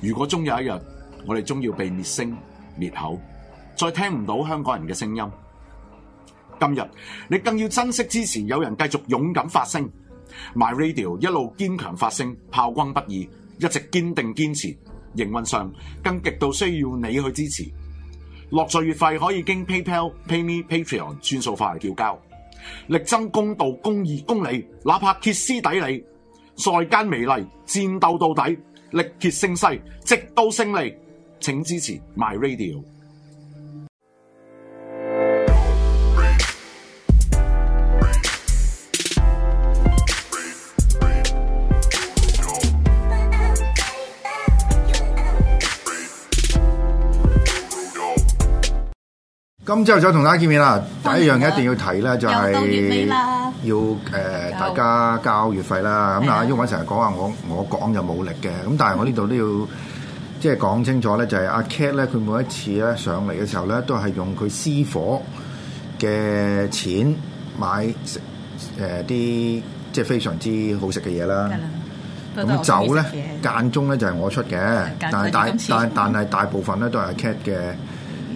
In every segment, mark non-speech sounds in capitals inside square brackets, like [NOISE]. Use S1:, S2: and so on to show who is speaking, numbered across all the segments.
S1: 如果終有一日，我哋終要被滅聲滅口，再聽唔到香港人嘅聲音，今日你更要珍惜支持，有人繼續勇敢發聲，My Radio 一路堅強發聲，炮轟不二，一直堅定堅持，營運上更極度需要你去支持。落稅月費可以經 PayPal、PayMe、Patreon 轉數化嚟繳交，力爭公道、公義、公理，哪怕歇斯底里，在間美利戰鬥到底。力竭聲勢，直到勝利。請支持 My Radio。今朝又同大家見面啦！第一樣嘢一定要提咧，就係要誒大家交月費啦。咁啊 Yuki 成日講話我我講就冇力嘅，咁但係我呢度都要即係講清楚咧、就係，就係阿 Cat 咧，佢、啊、每一次咧上嚟嘅時候咧，都係用佢私夥嘅錢買食誒啲即係非常之好食嘅嘢啦。咁酒咧間中咧就係我出嘅，但係大但但係大部分咧都係阿 Cat 嘅。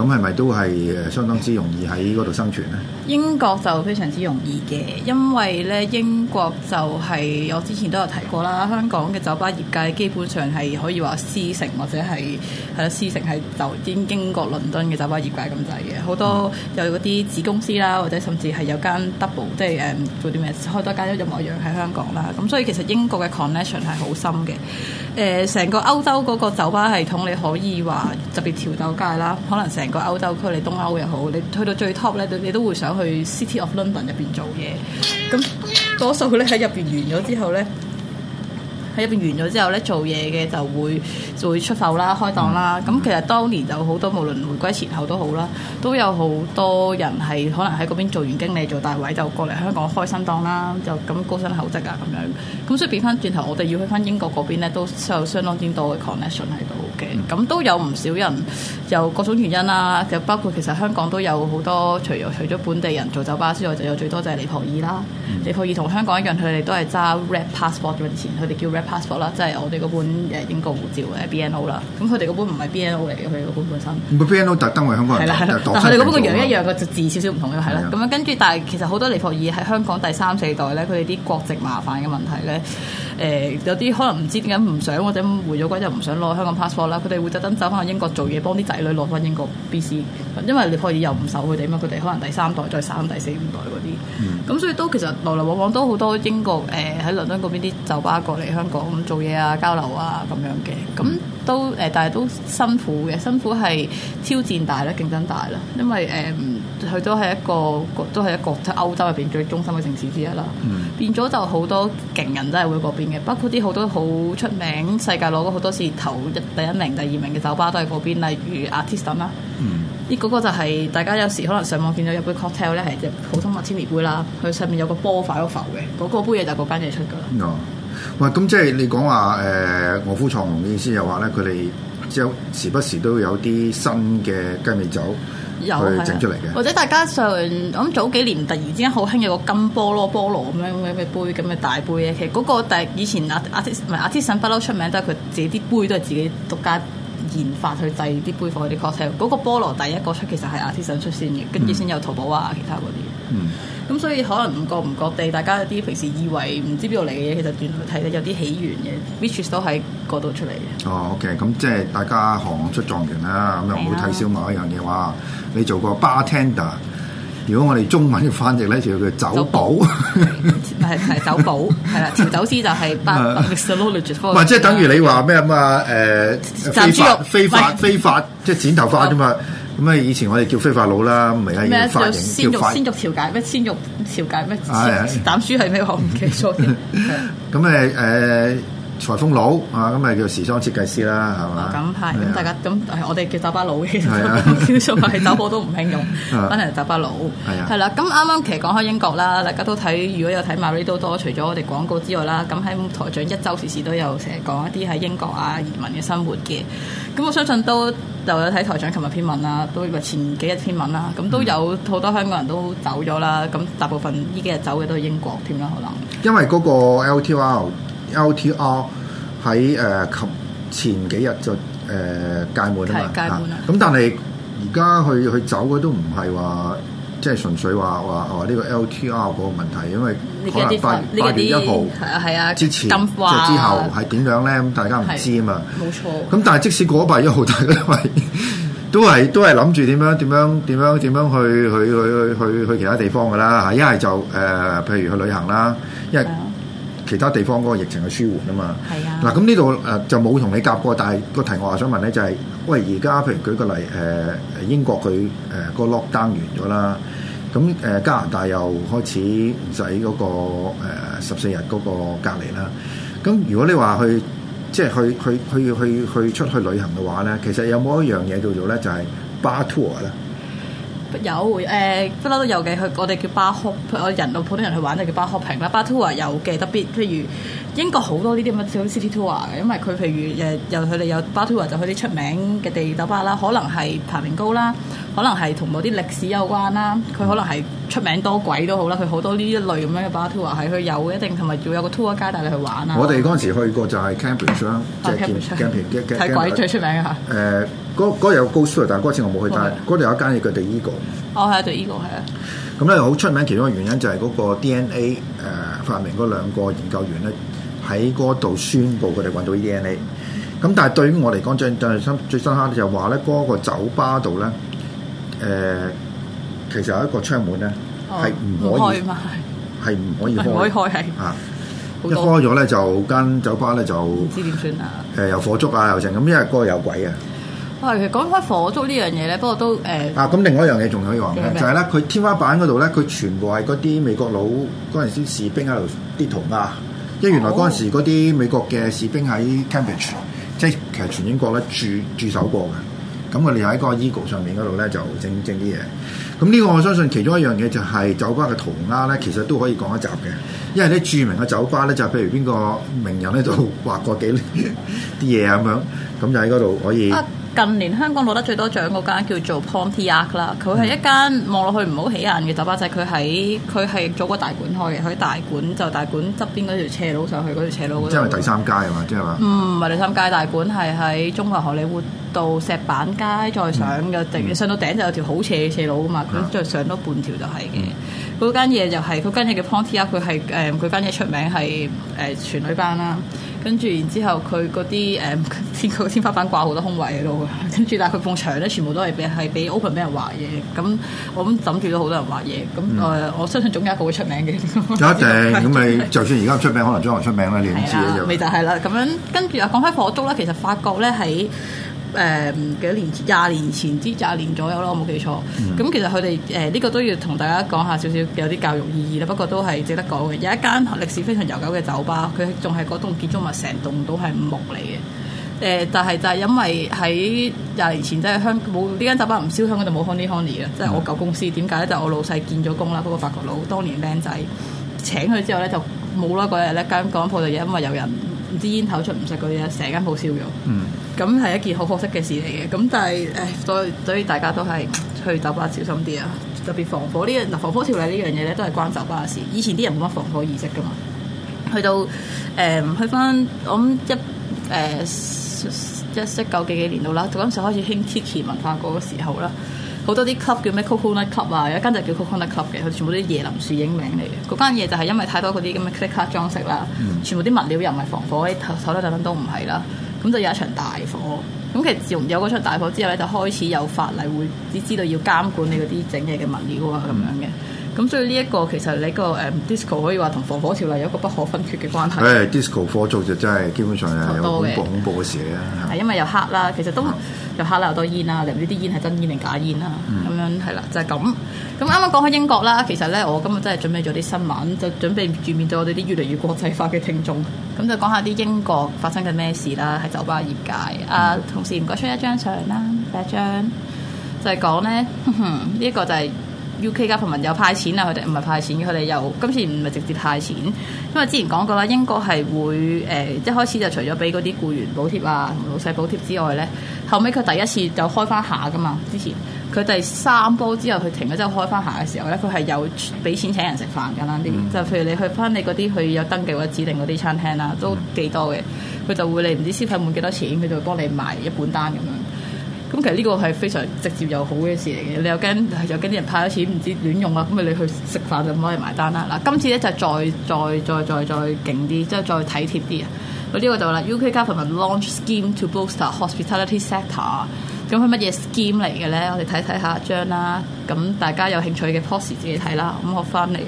S1: 咁係咪都係誒相當之容易喺嗰度生存咧？
S2: 英國就非常之容易嘅，因為咧英國就係、是、我之前都有提過啦。香港嘅酒吧業界基本上係可以話私城，或者係係咯私營係就啲英國倫敦嘅酒吧業界咁滯嘅，好多有啲子公司啦，或者甚至係有間 double 即係誒、嗯、做啲咩開多一間一任何一樣喺香港啦。咁、嗯、所以其實英國嘅 connection 係好深嘅。誒、呃，成個歐洲嗰個酒吧系統你可以話特別調酒界啦，可能成個歐洲區，你東歐又好，你去到最 top 咧，你都會想。去 City of London 入邊做嘢，咁多數咧喺入邊完咗之後咧，喺入邊完咗之後咧做嘢嘅就會。就會出埠啦、開檔啦，咁、嗯、其實當年有好多無論回歸前後都好啦，都有好多人係可能喺嗰邊做完經理做大位，就過嚟香港開新檔啦，就咁高薪厚職啊咁樣。咁所以變翻轉頭，我哋要去翻英國嗰邊咧，都有相當之多 connection 喺度嘅。咁、嗯、都有唔少人，有各種原因啦、啊，就包括其實香港都有好多除咗除咗本地人做酒吧之外，就有最多就係尼泊爾啦。尼泊、嗯、爾同香港一樣，佢哋都係揸 red passport 嗰錢，佢哋叫 red passport 啦，即係我哋嗰本誒英國護照嘅。BNO 啦，咁佢哋嗰本唔係 BNO 嚟嘅，佢哋
S1: 嗰本本身，唔係 BNO 特登為香港人，但佢哋嗰本個樣一
S2: 樣嘅，就字少少唔同嘅，係啦。咁樣跟住，但係其實好多尼泊爾喺香港第三四代咧，佢哋啲國籍麻煩嘅問題咧。誒、呃、有啲可能唔知點解唔想或者回咗歸又唔想攞香港 passport 啦，佢哋會特登走翻去英國做嘢，幫啲仔女攞翻英國 BC，因為你可以又唔受佢哋嘛，佢哋可能第三代、再三、第四五代嗰啲，咁、嗯、所以都其實來來往往都好多英國誒喺、呃、倫敦嗰邊啲酒吧過嚟香港做嘢啊、交流啊咁樣嘅，咁都誒，但係都、呃、都辛苦嘅，辛苦係挑戰大啦、競爭大啦，因為誒。呃佢都係一個國，都係一個即歐洲入邊最中心嘅城市之一啦。嗯、變咗就好多勁人都係會嗰邊嘅，包括啲好多好出名、世界攞過好多次頭一第一名、第二名嘅酒吧都係嗰邊，例如 Artisan 啦。呢嗰、嗯、個就係、是、大家有時可能上網見到一杯 cocktail 咧係只普通嘅馬天尼杯啦，佢上面有個波塊嗰浮嘅，嗰、那個杯嘢就係嗰間
S1: 嘢出㗎啦。喂、嗯哦，咁即係你講話誒，臥虎藏龍嘅意思又話咧，佢哋有時不時都有啲新嘅雞尾酒。有，係是，或者
S2: 大家上，我諗早幾年突然之間好興有個金菠蘿菠蘿咁樣嘅杯咁嘅大杯咧，其實嗰個第以前阿阿 T 唔係阿 T 森不嬲、um、出名都係佢自己啲杯都係自己獨家。研發去製啲杯貨嗰啲 cocktail，嗰個菠蘿第一個出其實係亞視上出先嘅，跟住先有淘寶啊，其他嗰啲。咁、嗯、所以可能唔覺唔覺地，大家有啲平時以為唔知邊度嚟嘅嘢，其實原來睇睇有啲起源嘅，which 都喺嗰度出嚟
S1: 嘅。哦，OK，咁即係大家行出狀元啦，咁又唔好睇小某一樣嘢哇！啊、你做過 bartender，如果我哋中文嘅翻譯咧，就叫酒保。酒保 [LAUGHS]
S2: 係係酒保，係啦，調酒師就係百百 m 唔係即係等
S1: 於你話咩咁啊？誒，非法非法非法即係剪頭髮啫嘛？咁啊，以前我哋叫非法佬啦，唔係而家叫先肉先
S2: 肉調解咩？先肉調解咩？膽輸係咩？我唔
S1: 記得咗。咁誒誒。財豐佬啊，咁咪叫時裝設計師啦，係嘛？咁係，咁、 [NOISE] 嗯、大家
S2: 咁、嗯嗯，我哋叫打巴佬嘅， [LAUGHS] 叫所謂打波都唔興用，返嚟打巴佬係啦。咁啱啱其實講開英國啦，大家都睇，如果有睇《馬利多多》，除咗我哋廣告之外啦，咁喺台長一周時事都有成日講一啲喺英國啊移民嘅生活嘅。咁、嗯、我相信都又有睇台長琴日篇文啦，都話前幾日篇文啦，咁都有好多香港人都走咗啦。咁大部分呢幾日走嘅都係英國添啦，可能
S1: 因為嗰個 LTL。 [NOISE] LTR 喺誒前幾日就誒屆滿啊嘛，咁但係而家佢佢走嘅都唔係話即係純粹話話話呢個 LTR 嗰個問題，因為可能八月一號
S2: 係啊係啊，之前即係之後
S1: 係點樣咧？咁大家唔知啊嘛，冇錯。咁但係即使過咗八月一號，大家都係都係諗住點樣點樣點樣點樣去去去去去其他地方㗎啦嚇。一係就誒，譬如去旅行啦，因為。其他地方嗰個疫情嘅舒緩啊嘛，嗱咁呢度誒就冇同你夾過，但係個題我話想問咧就係、是，喂而家譬如舉個例誒、呃，英國佢誒、呃那個 lockdown 完咗啦，咁誒加拿大又開始唔使嗰個十四日嗰個隔離啦，咁如果你話去即係去去去去去出去旅行嘅話咧，其實有冇一樣嘢叫做咧就係、是、bar tour 咧？
S2: 有誒不嬲都有嘅，佢我哋叫 bar，我, hop, 我人到普通人去玩就叫 bar hopping 啦，bar tour 啊有嘅，特別譬如。英國好多呢啲乜嘢好似 city tour 嘅，因為佢譬如誒，又佢哋有 bus tour 就去啲出名嘅地走下啦，可能係排名高啦，可能係同某啲歷史有關啦，佢可能係出名多鬼都好啦，佢好多呢一類咁樣嘅 bus tour 係佢有一定同埋要有個 tour guide 帶你去玩啊。我哋嗰陣
S1: 時去過就係 Cambridge 啦，即係劍劍橋，劍劍劍劍橋最出名嘅。誒、呃，嗰日有高 o 但係嗰陣我冇去，Okay. 但係嗰度有一間嘢叫 The Eagle
S2: 哦，係 The Eagle
S1: 係啊。咁咧好出名，其中嘅原因就係嗰個 DNA 誒、呃、發明嗰兩個研究員咧。喺嗰度宣布佢哋揾到 DNA，咁但係對於我嚟講最最深最深刻咧就話咧嗰個酒吧度咧，誒其實有一個窗門咧係唔可
S2: 以
S1: 係唔可以開，唔可以開啊！一開咗咧就間酒吧咧就唔知點算啦，誒有火燭啊又剩咁，因為嗰個有鬼啊！
S2: 喂，講開火燭呢樣嘢咧，不過都
S1: 誒啊！咁另外一樣嘢仲有一樣嘅，就係咧佢天花板嗰度咧，佢全部係嗰啲美國佬嗰陣時士兵喺度啲銅啊！因為原來嗰陣時嗰啲美國嘅士兵喺 Cambridge，即係其實全英國咧駐駐守過嘅，咁我哋喺個 Eagle 上面嗰度咧就整整啲嘢。咁呢個我相信其中一樣嘢就係酒吧嘅塗鴉咧，其實都可以講一集嘅。因為啲著名嘅酒吧咧，就係譬如邊個名人咧度畫過幾啲嘢咁樣，咁就喺嗰度可以。
S2: 近年香港攞得最多獎嗰間叫做 Pontiac 啦，佢係一間望落去唔好起眼嘅酒吧仔，佢喺佢係做過大館開嘅，佢喺大館就大館側邊嗰條斜路上去嗰條斜路。即係第三
S1: 街係嘛？嗯、即係
S2: 嘛？唔係、嗯、第三街，大館係喺中環荷里活道石板街再上嘅頂，嗯嗯、上到頂就有條好斜嘅斜路噶嘛，佢再上多半條就係嘅。嗰間嘢就係、是，佢間嘢叫 Pontiac，佢係誒，佢間嘢出名係誒、呃、全女班啦。呃跟住，然之後佢嗰啲誒天嗰天花板掛好多空位喺度嘅，跟住但係佢埲牆咧全部都係俾係俾 open 俾人畫嘢，咁我諗抌住都好多人畫嘢，咁誒、嗯呃、我相信總有一個會出名嘅。有一定咁你就
S1: 算而家唔出名， [LAUGHS] 可能將來出名咧，你唔知嘅就未就
S2: 係啦。咁樣跟住啊，講開火燭咧，其實發覺咧喺。誒、嗯、幾年，年前，廿年前之廿年左右啦，我冇記錯。咁、嗯、其實佢哋誒呢個都要同大家講下少少有啲教育意義啦。不過都係值得講嘅。有一間歷史非常悠久嘅酒吧，佢仲係嗰棟建築物成棟都係木嚟嘅。誒、呃，但係就係因為喺廿年前即係香冇呢間酒吧唔燒香，就冇 honey honey 啦。即係我舊公司，點解咧？就是、我老細見咗工啦。嗰、那個法國佬當年僆仔請佢之後咧，就冇啦嗰日咧間港鋪就因為有人唔知煙頭出唔實嗰啲啊，成間鋪燒咗。嗯咁係一件好可惜嘅事嚟嘅，咁但係誒，對對，所以大家都係去酒吧小心啲啊！特別防火呢樣，嗱，防火條例呢樣嘢咧都係關酒吧事。以前啲人冇乜防火意識噶嘛，去到誒、呃、去翻我諗一誒一識九幾幾年度啦，嗰陣時開始興 Tiki 文化嗰個時候啦，好多啲 club 叫咩 Coconut Club 啊，有一間就叫 Coconut Club 嘅，佢全部啲椰林樹影名嚟嘅。嗰間嘢就係因為太多嗰啲咁嘅 click 卡裝飾啦，嗯、全部啲物料又唔係防火，唞唞等等都唔係啦。咁就有一場大火，咁其實自從有嗰場大火之後咧，就開始有法例會，只知道要監管你嗰啲整嘢嘅物料啊，咁樣嘅。嗯咁、嗯、所以呢、這、一個其實你、這個誒、嗯、disco 可以話同防火條例有一個不可分割嘅關係。誒
S1: disco 火燭就真係基本上係好恐怖嘅事啦。係
S2: 的因為又黑啦，其實都又黑啦，又多煙啦，你唔知啲煙係真煙定假煙啦，咁、嗯、樣係啦，就係、是、咁。咁啱啱講開英國啦，其實咧我今日真係準備咗啲新聞，就準備住面對我哋啲越嚟越國際化嘅聽眾，咁就講下啲英國發生緊咩事啦，喺酒吧業界。嗯、啊，同事唔該出一張相啦，第一張就係、是、講咧，呢一、這個就係、是。U.K. 加鋪民又派錢啊！佢哋唔係派錢，佢哋又今次唔係直接派錢，因為之前講過啦，英國係會誒、呃、一開始就除咗俾嗰啲僱員補貼啊、老細補貼之外咧，後尾佢第一次就開翻下噶嘛。之前佢第三波之後佢停咗之後開翻下嘅時候咧，佢係有俾錢請人食飯噶啦啲，嗯、就譬如你去翻你嗰啲去有登記或者指定嗰啲餐廳啦、啊，都幾多嘅，佢就會你唔知消費滿幾多錢，佢就會幫你埋一本單咁樣。咁其實呢個係非常直接又好嘅事嚟嘅，你又驚又驚啲人派咗錢唔知亂用啊！咁啊，你去食飯就唔可以埋單啦。嗱，今次咧就係再再再再再勁啲，即係再體貼啲啊！嗱，呢個就啦，UK Government Launch Scheme to Boost the Hospitality Sector。咁佢乜嘢 Scheme 嚟嘅咧？我哋睇睇下張啦。咁大家有興趣嘅 Post 自己睇啦。咁我翻嚟。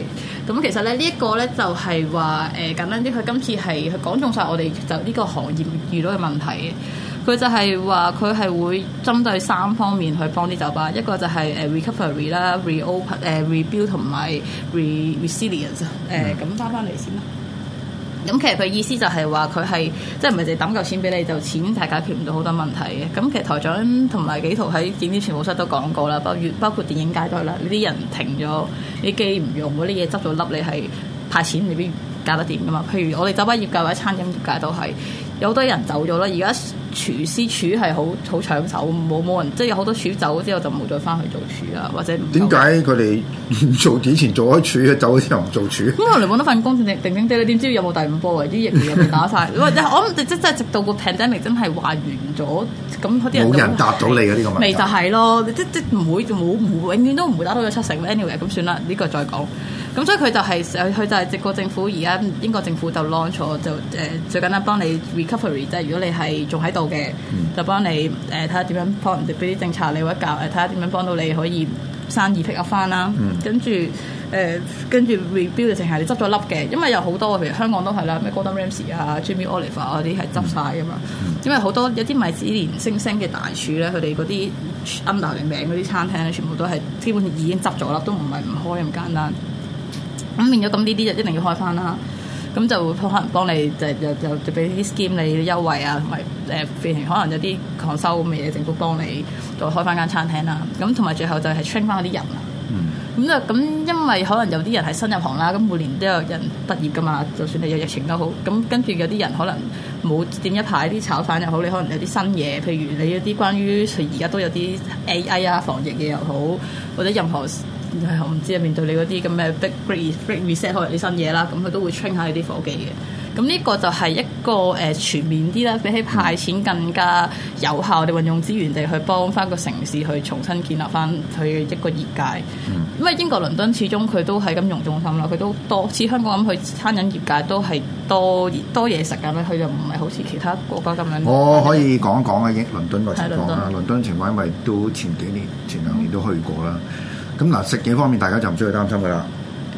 S2: 咁其實咧呢一個咧就係話誒簡單啲，佢今次係講中晒我哋就呢個行業遇到嘅問題。佢就係話，佢係會針對三方面去幫啲酒吧，一個就係誒 recovery 啦，reopen 誒、啊、rebuild 同埋、啊、re resilience 誒、嗯，咁翻翻嚟先啦。咁其實佢意思就係話，佢係即係唔係就抌夠錢俾你，就錢就解決唔到好多問題嘅。咁其實台長同埋紀圖喺影業前務室都講過啦，包越包括電影界都係啦。呢啲人停咗，你機唔用嗰啲嘢執咗笠，你係派錢你邊搞得掂噶嘛？譬如我哋酒吧業界或者餐飲業界都係。有好多人走咗啦，而家廚師廚係好好搶手，冇冇人即係有好多廚走咗之後就冇再翻去做廚啦，或者點解
S1: 佢哋做以前做咗廚嘅走咗之後唔做廚？
S2: 咁我嚟揾到份工定，定定定你啦，點知有冇第五波啊？啲疫苗有冇打晒？或者 [LAUGHS] 我即即係直到個 pandemic 真係話完咗，咁嗰啲人冇人答到你嘅呢、呢個問題咪就係咯，即即唔會冇永遠都唔會打到佢七成，anyway，咁算啦，呢個再講。咁、嗯、所以佢就係佢佢就係藉過政府，而家英國政府就 launch 咗就誒、呃、最緊要幫你 recovery，即係如果你係仲喺度嘅，嗯、就幫你誒睇下點樣，可能就俾啲政策你，或者教誒睇下點樣幫到你可以生意 pick up 翻啦。嗯、跟住誒、呃、跟住 rebuild 就淨係你執咗粒嘅，因為有好多譬如香港都係啦，咩 Gordon Ramsay 啊、Jimmy Oliver 嗰啲係執晒㗎嘛。因為好多有啲米芝蓮星星嘅大廚咧，佢哋嗰啲 under 名嗰啲餐廳咧，全部都係基本上已經執咗粒，都唔係唔開咁簡單。咁、嗯、變咗咁呢啲就一定要開翻啦，咁就會可能幫你就就就俾 discount 你優惠啊，同埋誒譬如可能有啲抗收咁嘅嘢，政府幫你再開翻間餐廳啦。咁同埋最後就係 train 翻嗰啲人啦。咁咧，咁因為可能有啲人係新入行啦，咁每年都有人畢業噶嘛，就算你有疫情都好。咁跟住有啲人可能冇點一排啲炒飯又好，你可能有啲新嘢，譬如你有啲關於佢而家都有啲 AI 啊，防疫嘅又好，或者任何。我唔知啊！嗯嗯、面對你嗰啲咁嘅 big great, great things、嗯、great、嗯、reset 開嚟啲新嘢啦，咁佢都會 train 下佢啲夥計嘅。咁呢個就係一個誒、呃、全面啲啦，比起派錢更加有效地運用資源，地去幫翻個城市去重新建立翻佢一個業界。嗯、因為英國倫敦始終佢都係金融中心啦，佢都多似香港咁，去餐飲業界都係多多嘢食㗎嘛，佢就唔係好似其他國家咁樣。我可
S1: 以講一講啊，英倫敦嘅情況啦。倫敦，倫敦情況，因為都前幾年、前兩年都去過啦。嗯咁嗱，食嘅方面大家就唔需要擔心噶啦。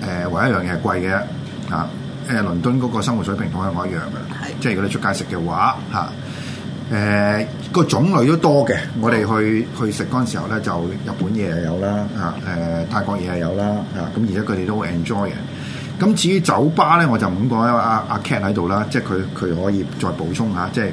S1: 誒、呃，唯一一樣嘢係貴嘅嚇。誒、啊呃，倫敦嗰個生活水平同香港一樣嘅，即係如果你出街食嘅話嚇，誒、啊啊、個種類都多嘅。我哋去去食嗰陣時候咧，就日本嘢係有啦嚇，誒、啊呃、泰國嘢係有啦嚇。咁、啊、而家佢哋都好 enjoy 嘅。咁至於酒吧咧，我就唔咁講啦。阿阿 Ken 喺度啦，即係佢佢可以再補充下。即係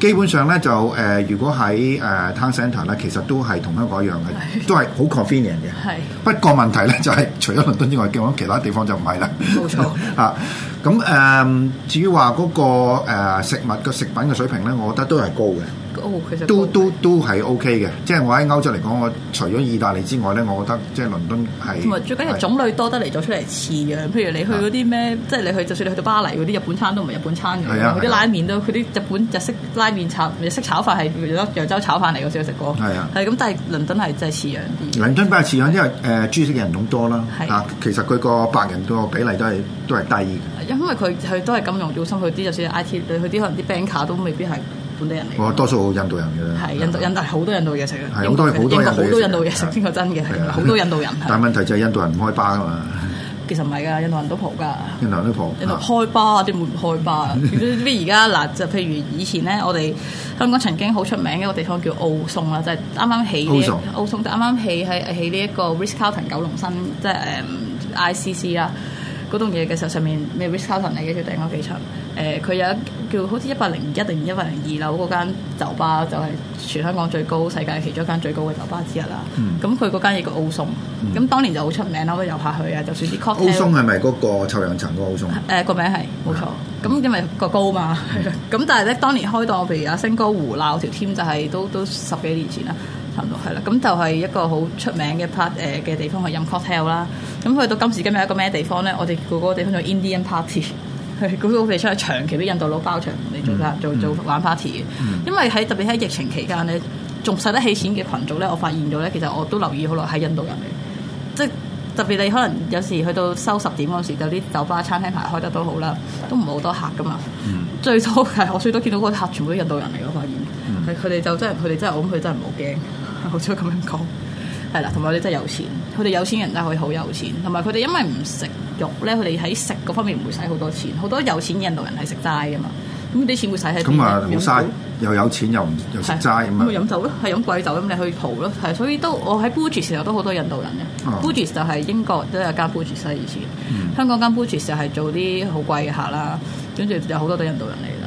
S1: 基本上咧，就、呃、誒如果喺誒 Town Center 啦，其實都係同香港一樣嘅， [LAUGHS] 都係好 convenient 嘅。係 [LAUGHS] 不過問題咧，就係、是、除咗倫敦之外，我諗其他地方就唔係啦。冇錯啊。咁誒、呃，至於話嗰個食物嘅、那個、食品嘅水平咧，我覺得都係高嘅。哦、其實都都都係 O K 嘅，即係我喺歐洲嚟講，我除咗意大利之外咧，我覺得即係倫敦係。同埋
S2: 最緊要種類多得嚟咗出嚟，似樣。譬如你去嗰啲咩，是的 即係你去就算你去到巴黎嗰啲日本餐都唔係日本餐嘅，嗰啲是的 拉麵都佢啲是的 日本日式拉麵炒日式炒飯係覺得揚州炒飯嚟，我先食過。係啊，係咁，但係倫敦係真係似樣啲。
S1: 倫敦比較似樣，因為誒，中西嘅人種多啦。係啊，其實佢個白人個比例都係都係低嘅。是
S2: 的 因為佢佢都係咁用，用心去，去啲就算 I T 你去啲可能啲 banker，都未必係。本
S1: 地人嚟，我多數印度人嘅，係
S2: 印度，印度係好多印度嘢食啊，英國好多印度嘢食，先真嘅，好多印度人。但
S1: 問題就係印度人唔開巴啊嘛，
S2: 其實唔係噶，印度人都蒲噶，
S1: 印度人都蒲，
S2: 開巴啲門冇開巴。而家嗱就譬如以前咧，我哋香港曾經好出名一個地方叫澳松啦，就係啱啱起嘅澳松，就啱啱起喺喺呢一個 Ritz-Carlton 九龍新，即係誒 ICC 啦，嗰棟嘢嘅時候上面咩 Ritz-Carlton 嚟嘅，要頂多幾層？誒，佢有一。叫好似一百零一定一百零二樓嗰間酒吧就係、是、全香港最高、世界其中一間最高嘅酒吧之一啦。咁佢嗰間亦個奧松，咁當年就好出名咯。我遊下去啊，就算啲 c 奧松
S1: 係咪嗰個臭氧層嗰個奧松？
S2: 誒個、呃、名係冇錯。咁、嗯、因為個高嘛。咁但係咧，當年開檔，譬如阿星哥胡鬧條 team 就係都都十幾年前啦，差唔多係啦。咁就係一個好出名嘅 part 誒、呃、嘅地方去飲 cocktail 啦。咁、嗯、去到今時今日一個咩地方咧？我哋嗰個地方叫 Indian Party。佢嗰個地方係長期俾印度佬包場你做得做做，做玩 party 嘅。嗯、因為喺特別喺疫情期間咧，仲使得起錢嘅群組咧，我發現咗咧，其實我都留意好耐，喺印度人嚟。即係特別你可能有時去到收十點嗰時，就啲酒吧餐廳排開得都好啦，都唔係好多客㗎嘛。嗯、最初係我最多見到嗰客全部都印度人嚟，我發現佢哋、嗯、就真係佢哋真係我諗佢真係唔好驚，好少咁樣講。係啦，同埋佢真係有錢，佢哋有錢人真係可以好有錢。同埋佢哋因為唔食肉咧，佢哋喺食嗰方面唔會使好多錢。好多有錢印度人係食齋㗎嘛，咁啲錢會使喺邊？咁啊，冇嘥
S1: 料，又有錢又唔又食齋咁啊。飲
S2: 酒咯，係飲貴酒咁，你去蒲咯。係，所以都我喺 Butchers 時候都好多印度人嘅。哦、Butchers 就係英國都有間 Butchers 以前，嗯、香港間 Butchers 就係做啲好貴嘅客啦，跟住有好多啲印度人嚟。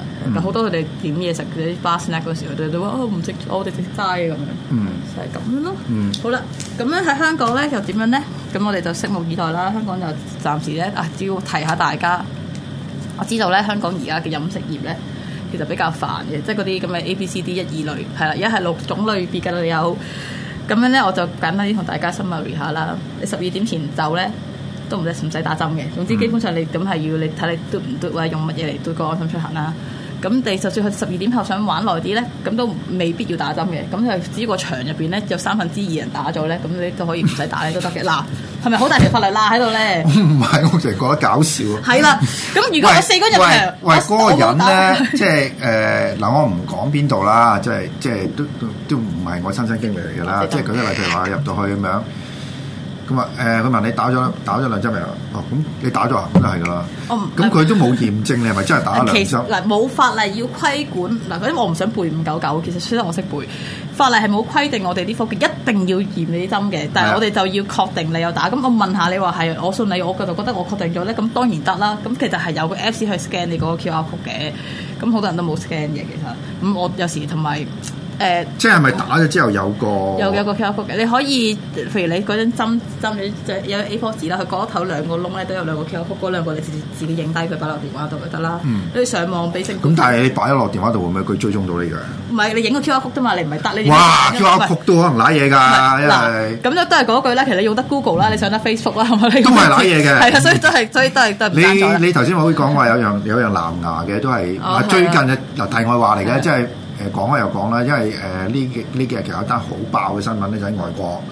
S2: 好、嗯、多佢哋點嘢食嗰啲巴士嗰時候，佢哋都話：唔、哦、食，我哋食齋咁樣，嗯、就係咁樣咯。嗯、好啦，咁樣喺香港咧又點樣咧？咁我哋就拭目以待啦。香港就暫時咧啊，只要提下大家。我知道咧，香港而家嘅飲食業咧，其實比較煩嘅，即係嗰啲咁嘅 A、B、C、D 一二類係啦，而家係六種類別嘅有。咁樣咧，我就簡單啲同大家 summary 一下啦。你十二點前走咧，都唔使唔使打針嘅。總之，基本上你咁係要你睇你嘟唔嘟啊？或者用乜嘢嚟嘟個安心出行啦？咁你就算去十二點後想玩耐啲咧，咁都未必要打針嘅。咁就只於個場入邊咧，有三分之二人打咗咧，咁你都可以唔使打咧都得嘅。嗱， [LAUGHS] 係咪好大條法律罅喺度咧？
S1: 唔係， [LAUGHS] 我純係覺得搞笑。係啦，
S2: 咁如果我四個人場喂，
S1: 喂，嗰個人咧，即係誒嗱，我唔講邊度啦，即係即係都都唔係我親身，身經歷嚟㗎啦。根即係舉一個例，譬如話入到去咁樣。咁啊，誒，佢問你打咗打咗兩針未啊？哦，咁你打咗，咁就係噶啦。嗯，咁佢都冇驗證，你係咪真係打咗兩針？
S2: 嗱，冇法例要規管嗱，因為我唔想背五九九，其實雖然我識背。法例係冇規定我哋啲科技一定要驗你啲針嘅，但係我哋就要確定你有打。咁我問下你話係，我信你，我覺得覺得我確定咗咧，咁當然得啦。咁其實係有個 apps 去 scan 你嗰個 QR code 嘅，咁好多人都冇 scan 嘅其實。咁我有時同埋。
S1: 誒，即係咪打咗之後有個有
S2: 有個 QR code 嘅？你可以，譬如你嗰張針針咗，有 A4 紙啦，佢個頭兩個窿咧都有兩個 QR code，嗰兩個你自自己影低佢擺落電話度就得啦。你上網
S1: 俾政府，但係你擺咗落電話度會唔會佢追蹤到你噶？
S2: 唔係，你影個 QR code 啫嘛，你唔係得你。哇，QR code 都
S1: 可能瀨嘢㗎，因為。
S2: 咁都都係嗰句啦，其實你用得 Google 啦，你上得 Facebook 啦，係咪都係瀨嘢嘅？係啊，所以都係，所以都係都係唔得咗。你
S1: 你頭先可以講話有樣有樣藍牙嘅，都係最近嘅，由題外話嚟嘅，即係。誒，講開又講啦，因為誒呢幾呢幾日其實有一單好爆嘅新聞咧，就喺外國。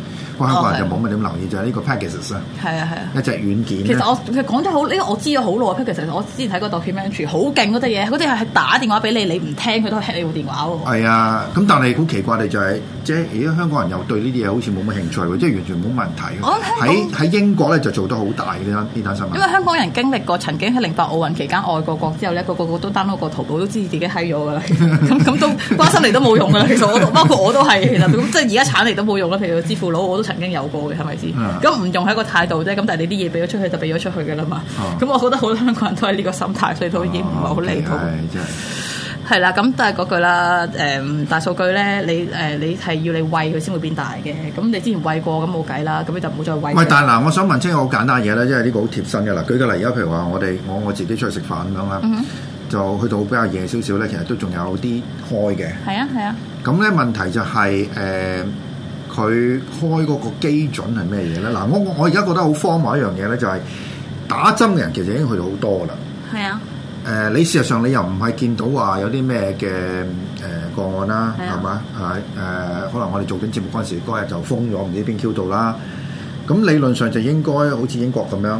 S2: 哦、香港人就冇乜
S1: 點留意的就係呢個 package 啊，係啊係啊，一隻軟件，其實我
S2: 其實講咗好，呢個我知咗好耐，其實我之前睇過 documentary 好勁嗰啲嘢，嗰啲係打電話俾你，你唔聽佢都 hack 你部電話喎。
S1: 係啊，咁但係好奇怪地就係、是，即係而家香港人又對呢啲嘢好似冇乜興趣喎，即係完全冇問題。喺喺在我英國咧就做得好大嘅呢單新聞。因
S2: 為香港人經歷過曾經喺零八奧運期間愛過國之後咧，個個都 download 過淘寶，都知自己 hack 咗噶啦。咁
S1: 咁都關心嚟都冇用噶啦，其實我包括我
S2: 都係其實即係而家慘嚟都冇用啦。譬如支付佬我都。曾經有過嘅係咪先？咁唔、嗯、用喺個態度啫，咁但係你啲嘢俾咗出去就俾咗出去嘅啦嘛。咁、哦、我覺得好多香港人都係呢個心態，所以都已經唔係好理會。係係係啦，咁都係嗰句啦。誒、嗯，大數據咧，你誒、呃、你係要你餵佢先會變大嘅。咁你之前餵過，咁冇計啦，咁你就唔好再餵。喂，但嗱，
S1: 我想問清個好簡單嘢咧，因為呢個好貼身嘅啦。舉個例，而家譬如話我哋我我自己出去食飯咁樣、嗯、哼就去到比較夜少少咧，其實都仲有啲開嘅。係啊係啊。咁咧問題就係誒。佢開嗰個基準係咩嘢咧？嗱，我我我而家覺得好荒謬一樣嘢咧，就係打針嘅人其實已經去到好多啦。
S2: 係
S1: 啊的。誒、呃，你事實上你又唔係見到話有啲咩嘅誒個案啦，係嘛的？係誒、呃，可能我哋做緊節目嗰陣時，嗰日就封咗唔知邊區度啦。咁理論上就應該好似英國咁樣。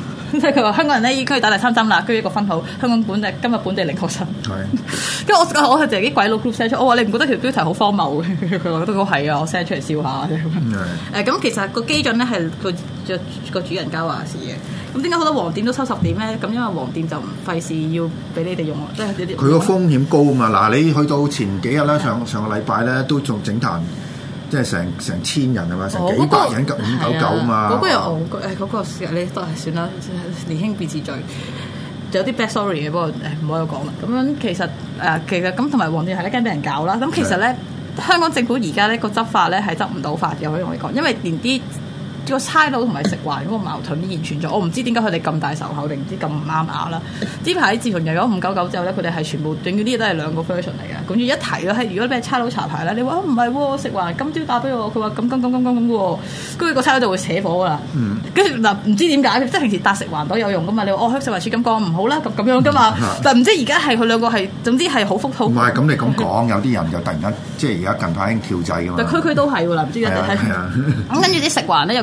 S2: 即係佢話香港人咧已經可以打第三針啦，跟住一個分號，香港本地，今日本地零確診。係， [LAUGHS] 跟住我我係成啲鬼佬 group send 出，我話你唔覺得條標題好荒謬嘅？佢 [LAUGHS] 話都好係啊，我 send 出嚟笑下啫。咁是的、 [LAUGHS] 呃、其實個基準咧係個著個主人家話事嘅。咁點解好多黃店都收十點咧？咁因為黃店就唔費事要俾你哋用啦，即係佢個
S1: 風險高啊嘛。嗱、嗯，你去到前幾日咧，上、嗯、上個禮拜咧都做整彈。即係成成千人係嘛，成幾百人及五
S2: 九九嘛。嗰個又我，誒嗰、啊嗰個你都係算啦，年輕別自罪，有啲 bad story 嘅不過，誒唔好又講啦。咁樣其實誒、啊、其實咁同埋黃店係一間俾人搞啦。咁其實咧，的香港政府而家咧個執法咧係執唔到法嘅，可以同你講，因為連啲。個差佬同埋食環嗰個矛盾依然存在。我唔知點解佢哋咁大仇口定唔知咁唔啱眼啦。呢排自從入咗五九九之後咧，佢哋係全部總之啲嘢都係兩個 version 嚟嘅。總住一提咯，係如果俾差佬查牌咧，你話唔係喎，食環今朝打俾我，佢話咁咁咁咁咁嘅喎，跟住個差佬就會扯火噶啦。跟住嗱，唔知點解即係平時搭食環都有用噶嘛。你話哦，喺食環處咁講唔好啦咁咁樣噶嘛。但唔知而家係佢兩個係總之係好復好。唔
S1: 係咁你咁講， [LAUGHS] 有啲人就突然間即係而家近排已經跳掣噶嘛。對區區
S2: 都係喎啦，唔知點解。係咁跟住啲食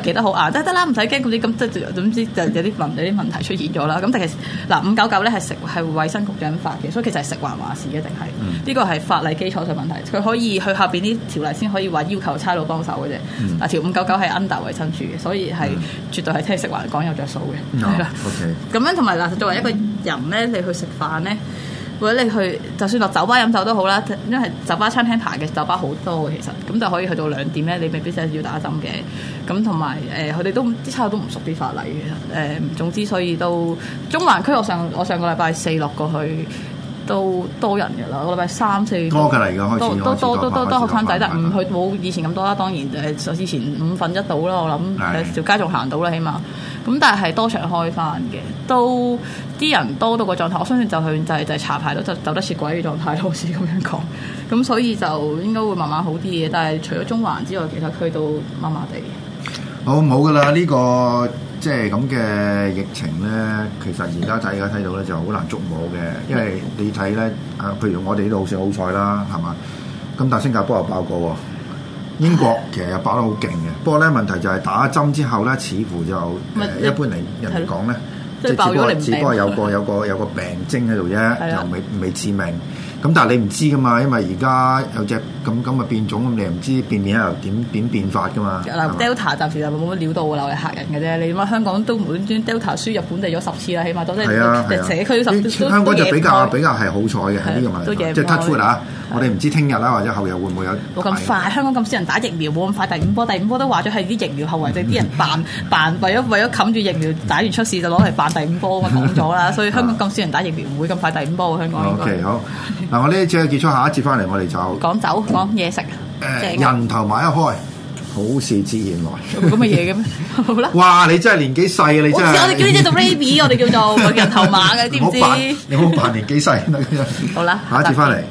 S2: 企得好啊，得得啦，唔使驚咁啲，咁即係總之就有啲問，有啲問題出現咗啦。咁但係嗱五九九咧係食係衞生局長發嘅，所以其實係食環話事嘅，定係呢個係法例基礎上問題，佢可以去下邊啲條例先可以話要求差佬幫手嘅啫。嗱、嗯、條五九九係 under 衞生署嘅，所以係、嗯、絕對係聽食環講有着數嘅。係啦，OK。咁樣同埋嗱作為一個人咧，你去食飯咧。或者你去就算落酒吧飲酒都好啦，因為酒吧餐廳排嘅酒吧好多其實，咁就可以去到兩點咧，你未必真係要打針嘅。咁同埋誒，佢哋、呃、都啲差佬都唔熟啲法例嘅。誒、呃、總之所以都中環區我，我上我上個禮拜四落過去都多人嘅啦。我禮拜三四多㗎啦，而家開始都多都都都但係唔去冇以前咁多啦。當然誒，就之前五份一到啦，我諗誒小街仲行到啦，起碼。咁但係多場開翻嘅，都啲人多到個狀態，我相信就係就係就係查牌都走走得似鬼嘅狀態好，好似咁樣講。咁所以就應該會慢慢好啲嘅，但係除咗中環之外，其他區都麻麻
S1: 地。好冇㗎啦，呢個即係咁嘅疫情咧，其實而家大家睇到咧就好難捉摸嘅，因為你睇咧，啊譬如我哋呢度好似好彩啦，係嘛？咁但係新加坡又爆過，英國其實又爆得好勁。不過咧，問題就係打針之後咧，似乎就一般嚟人講咧，只不過只不過有個有個有個病徵喺度啫，又未未致命。咁但係你唔知噶嘛，因為而家有隻咁咁嘅變種咁，你又唔知變面又點點變法噶嘛。Delta
S2: 暫時就冇乜料到喇。我哋嚇人嘅啫。你乜香港都唔端 Delta 輸入本地咗十次啦，起碼都即係社區十，香港就比較
S1: 比較係好彩嘅呢樣嘢，即係突出嚟啊！我哋唔知聽日啦，或者後日會唔會有冇咁快？
S2: 香港咁少人打疫苗，冇咁快。第五波，第五波都話咗係啲疫苗後遺症，啲人扮扮，為咗為咗冚住疫苗，打完出事就攞嚟扮第五波，講咗啦。所以香港咁少人打疫苗，唔會咁快第五波。香港 O K 好
S1: 嗱，我呢一節結束，下一節翻嚟我哋走講走
S2: 講嘢食人
S1: 頭馬一開，好事自然來咁嘅嘢
S2: 嘅咩？
S1: 好啦，哇！你真係年紀細啊！你真係我哋叫你做 baby，我哋叫做
S2: 人頭馬嘅，知唔知？
S1: 你唔好扮，年紀細。好啦，下一節翻嚟。